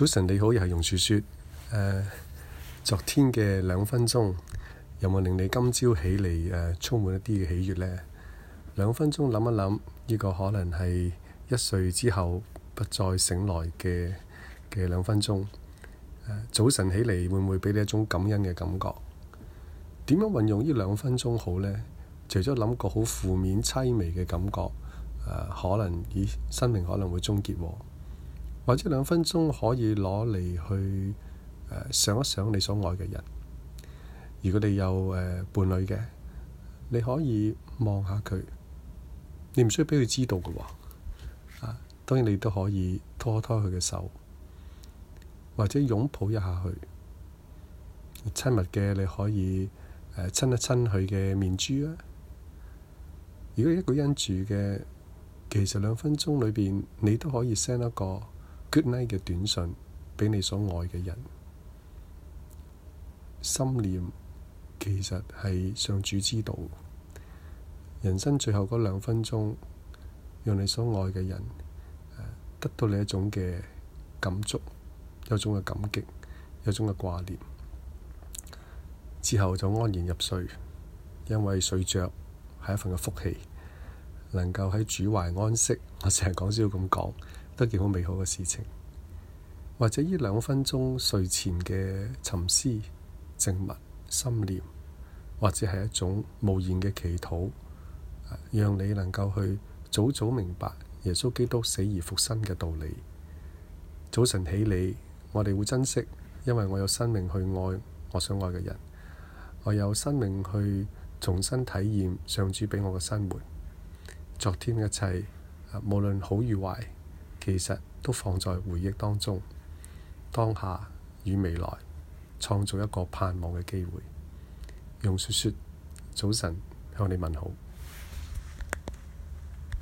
早晨你好，又係楊樹雪，呃。昨天嘅兩分鐘，有冇令你今朝起嚟，誒、呃、充滿一啲嘅喜悦呢？兩分鐘諗一諗，呢、這個可能係一歲之後不再醒來嘅嘅兩分鐘。呃、早晨起嚟會唔會俾你一種感恩嘅感覺？點樣運用呢兩分鐘好呢？除咗諗個好負面凄微嘅感覺，誒、呃，可能以生命可能會終結。或者兩分鐘可以攞嚟去、呃、想一想你所愛嘅人。如果你有、呃、伴侶嘅，你可以望下佢，你唔需要畀佢知道嘅話。啊，當然你都可以拖一拖佢嘅手，或者擁抱一下佢親密嘅。你可以誒、呃、親一親佢嘅面珠啦。如果一個人住嘅，其實兩分鐘裏邊你都可以 send 一個 good night 嘅短信畀你所愛嘅人，心念其實係上主之道。人生最後嗰兩分鐘，讓你所愛嘅人，得到你一種嘅感觸，有一種嘅感激，有一種嘅掛念。之後就安然入睡，因為睡着係一份嘅福氣，能夠喺主懷安息。我成日講笑咁講。都件好美好嘅事情，或者呢兩分鐘睡前嘅沉思、靜默、心念，或者係一種無言嘅祈禱，讓你能夠去早早明白耶穌基督死而復生嘅道理。早晨起嚟，我哋會珍惜，因為我有生命去愛我想愛嘅人，我有生命去重新體驗上主畀我嘅生活。昨天嘅一切，無論好與壞。其實都放在回憶當中，當下與未來，創造一個盼望嘅機會。用說說，早晨向你問好。